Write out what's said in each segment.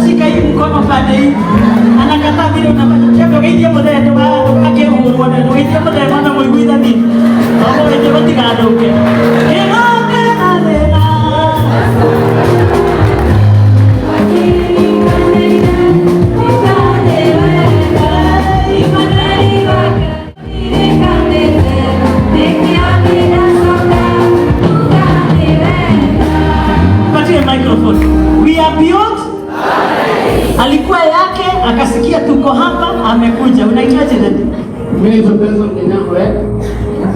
anashika hii mkono pande hii, anakataa vile unafanya chembe kaiti ya mwana yetu bado kake ngorwa na kaiti ya mwana mwana mwana mwana mwana mwana mwana mwana mwana mwana mwana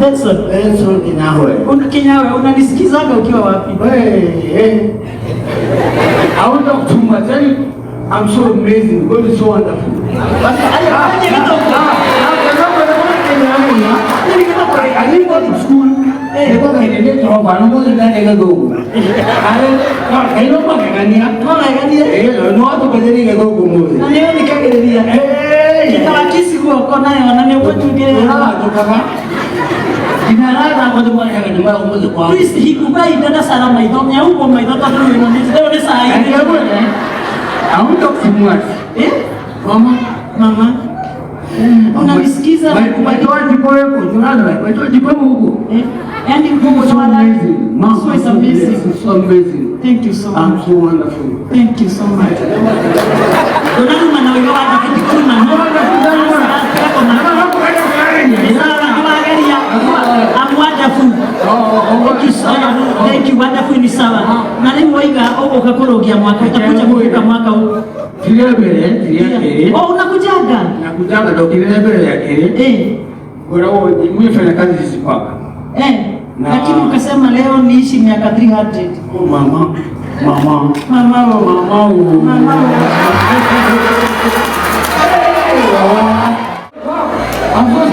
Benson. Benson Kinyawe. Una Kinyawe, unanisikizaga ukiwa wapi? Wewe, eh. I want to too much. Yaani, I'm so amazing. God is so wonderful. Basi alifanya ah, ah, ah, vitu kwa. Alipo school alikuwa kanaendea tromba, anamuza ndani ya gogo. Ale, kailo kwa kagania. Kwa kagania. Eh, no watu kwenye gogo mmoja. Na leo nikagelia. Eh, eh, eh. kitarakisi kwa kwa nayo na mimi kwetu ngere. Ah, tukaka. Inaraga kwa ndugu yake ndio wao kuzi kwa. Kristo hikubai dada sana maidoni au kwa maidoni tu ni mwanzo leo ni saa hii. Ndio bwana. Haunto kumwa. Eh? Mama, mama. Unamsikiza? Maidoni kwa wewe kujulana wewe. Maidoni kwa huko. Eh? Yaani mgongo wa wala. Mama, so is amazing. So amazing. Thank you so much. I'm so wonderful. Thank you so much. Donana mwanao yeye hata kitu umekorogia mwaka utakuja mwaka huu kilebele kilebele. Oh, unakujaga nakujaga ndo kilebele ya eh, bora wewe fanya kazi zisipaka eh, lakini ukasema leo niishi miaka 300. Oh mama mama mama oh, mama mama oh, mama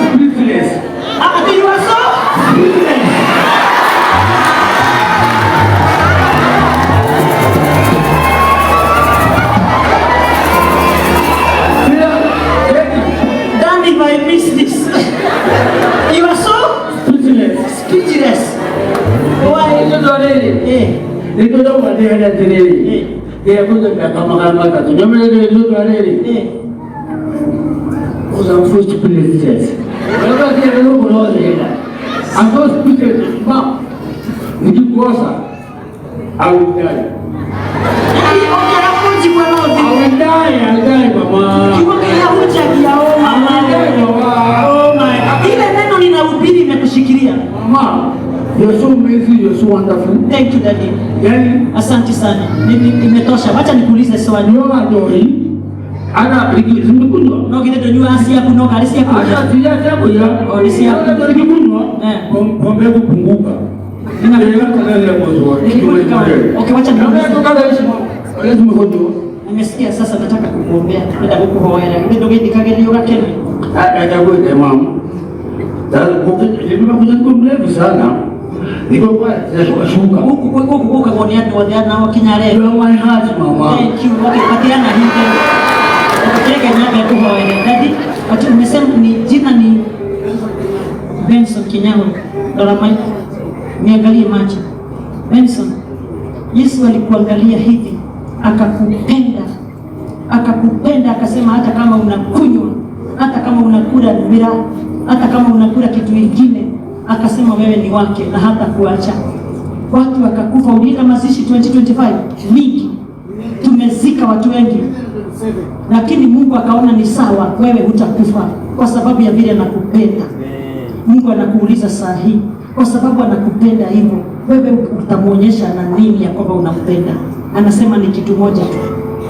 dia pun tak nak makan makan tu. Jom lagi dulu tu ada ni. Orang fuh cepat je. Kalau dia belum berapa dia dah. Aku speaker, mak, itu kuasa. Aku tak. Ini orang pun cuma orang. Aku tak aku dah, mama. ngafu nne kidadi. Yani, asante sana, mimi imetosha. Wacha nikuulize swali. Nyoa doi ana pigi zimekunywa no kile tunajua asi yako no kalisi yako ana si yako ya kalisi yako zimekunywa eh, pombe kupunguka ina leo kana ya moto okay, wacha nikuulize kana ya moto nimesikia sasa, nataka kumwombea kwenda kukuhoela ile ndio ndikagelio lake ni ajabu ile mama sasa kwa nini nimekuja kwa mrefu sana ukaboniana wakinyarewakipatiana hivyo umesema ni jina ni Benson niangalie macho Benson. Yesu alikuangalia hivi akakupenda, akakupenda akasema, hata kama unakunywa, hata kama unakula miraa, hata kama unakula kitu kingine akasema wewe ni wake na hata kuacha. Watu wakakufa. ulina mazishi 2025 mingi, tumezika watu wengi, lakini Mungu akaona ni sawa, wewe hutakufa kwa sababu ya vile anakupenda. Mungu anakuuliza saa hii kwa sababu anakupenda hivyo, wewe utamwonyesha na nini ya kwamba unampenda? Anasema ni kitu moja tu,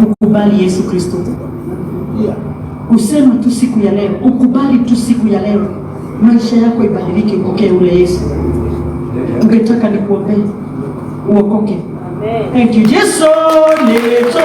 ukubali Yesu Kristo, usema tu siku ya leo, ukubali tu siku ya leo maisha yako ibadilike, pokea ule Yesu. Ungetaka nikuombee uokoke? Amen. Thank you, Jesus, Yesu.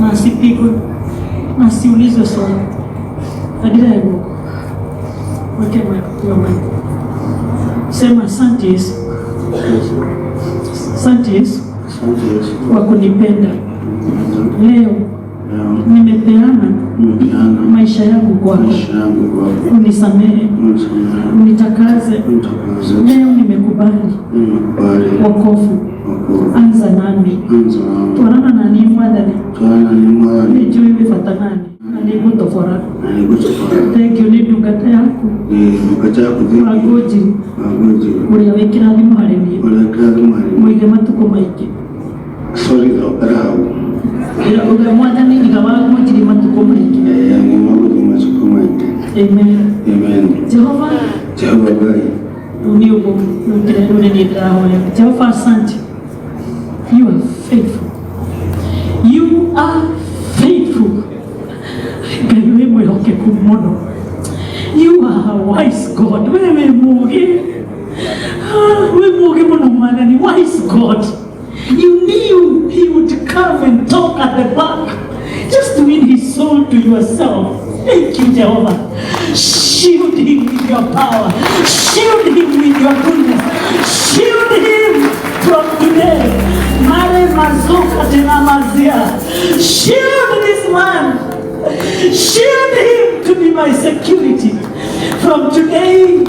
na asipigwe na asiulizwe swali. Fadhila ya Mungu wekea sema asante Yesu, asante Yesu kwa kunipenda leo nimepeana maisha yangu kwako, unisamehe, unitakaze. Leo nimekubali wokovu, anza nami, twanana nani mwadani, nijue vifatanani nanigutofora tengio ni ndungata yaku Mwangoji uria wikira thimu hari nie muige matuko maingi ugamwatanini kabangu kiri matuko maingi yangimaguko matuko maingi amen amen jehova jehova gai uniugo nukire nune nidrahoya jehova asante you are faithful you are faithful ngai wi mwihokeku muno you are a wise god wewe mugi we mugi muno mwanani wise god you knew he would at the back. Just win his soul to yourself. Thank you, Jehovah. Shield him with your power. Shield him with your goodness. Shield him from today. Mare mazuka tinamazia. Shield this man. Shield him to be my security. From today,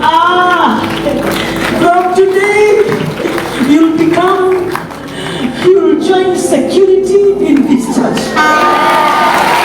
ah, from today, you'll become enjoying security in this church.